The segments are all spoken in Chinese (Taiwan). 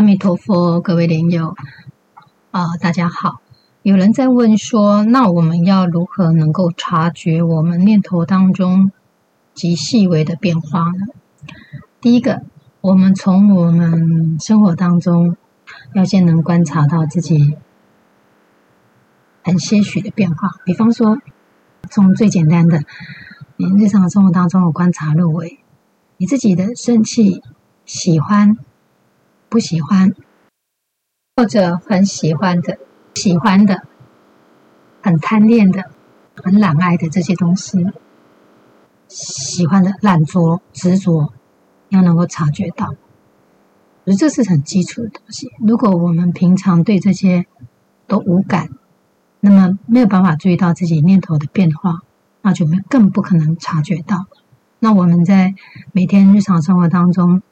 阿彌陀佛，各位蓮友，啊、呃，大家好。有人在問說，那我們要如何能夠察覺我們念頭當中極細微的變化呢？第一個，我們從我們生活當中要先能觀察到自己很些許的變化，比方說，從最簡單的你日常生活當中，我觀察入微，你自己的生氣、喜歡。不喜歡，或者很喜歡的、喜歡的、很貪戀的、很懶愛的這些東西，喜歡的、懶惰、執着，要能夠察覺到。我覺得這是很基礎的東西。如果我們平常對這些都無感，那麼沒有辦法注意到自己念頭的變化，那就更不可能察覺到。那我們在每天日常生活當中。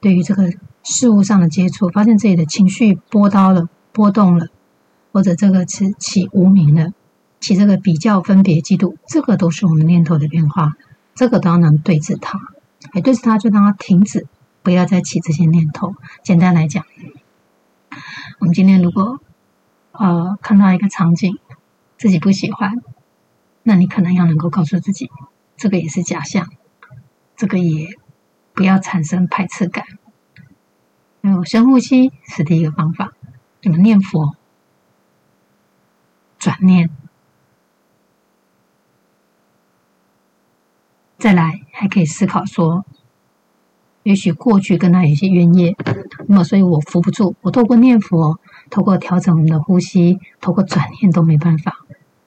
對於這個事物上的接觸，發現自己的情緒波刀了、波動了，或者這個起起無明的，起這個比較分別、嫉妒，這個都是我們念頭的變化，這個都要能對治它。哎，對治它就讓它停止，不要再起這些念頭。簡單來講，我們今天如果呃看到一個場景，自己不喜歡，那你可能要能夠告訴自己，這個也是假象，這個也。不要產生排斥感，那麼深呼吸是第一個方法。怎麼念佛、轉念，再來還可以思考說，也許過去跟他有一些冤業，那麼所以我扶不住。我透過念佛、透過調整我們的呼吸、透過轉念都沒辦法，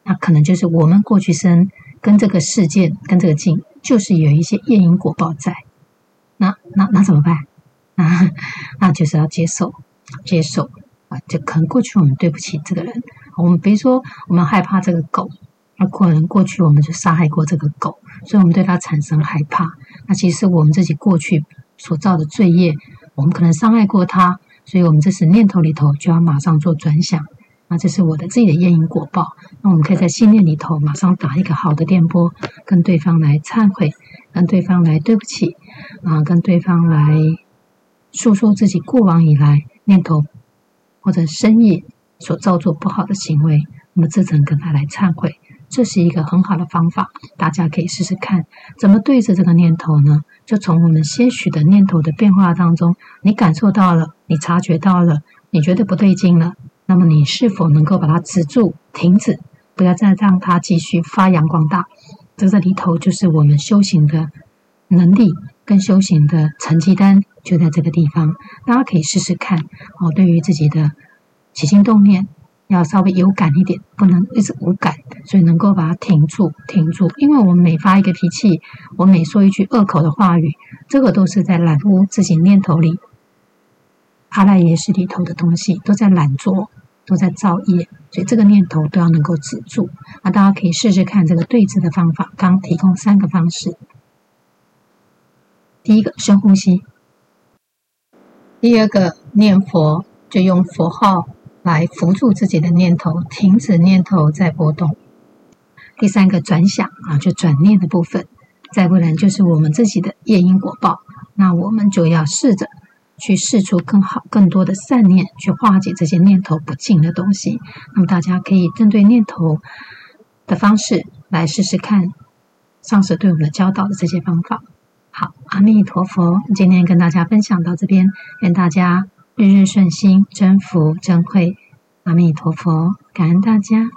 那可能就是我們過去生跟這個事件、跟這個境，就是有一些業因果報在。那那那怎麼辦？啊，那就是要接受，接受啊，就可能過去我們對不起這個人，我們比如說我們害怕這個狗，那可能過去我們就殺害過這個狗，所以我們對他產生害怕。那其實我們自己過去所造的罪業，我們可能傷害過他，所以我們這時念頭裡頭就要馬上做轉想。那這是我的自己的業因果報，那我們可以在信念裡頭馬上打一個好的電波，跟對方來懺悔。跟對方來對不起啊，跟對方來訴說自己過往以來念頭或者生意所造作不好的行為，我們這層跟他來懺悔，這是一個很好的方法，大家可以試試看。怎麼對着這個念頭呢？就從我們些許的念頭的變化當中，你感受到了，你察覺到了，你覺得不對勁了，那麼你是否能夠把它止住、停止，不要再讓它繼續發揚光大？在這裡頭，就是我們修行的能力跟修行的成績單，就在這個地方。大家可以試試看哦，對於自己的起心動念，要稍微有感一點，不能一直無感，所以能夠把它停住，停住。因為我們每發一個脾氣，我每說一句惡口的話語，這個都是在染污自己念頭裡。阿賴耶識裡頭的東西，都在染濁。都在造業，所以這個念頭都要能夠止住。那大家可以試試看這個對治的方法。剛提供三個方式：第一個深呼吸，第二個念佛，就用佛號來扶住自己的念頭，停止念頭在波動；第三個轉想啊，就轉念的部分。再不然就是我們自己的業因果報，那我們就要試着。去釋出更好、更多的善念，去化解這些念頭不淨的東西。那麼大家可以針對念頭的方式來試試看，上師對我們的教導的這些方法。好，阿彌陀佛，今天跟大家分享到這邊，願大家日日順心、增福增慧。阿彌陀佛，感恩大家。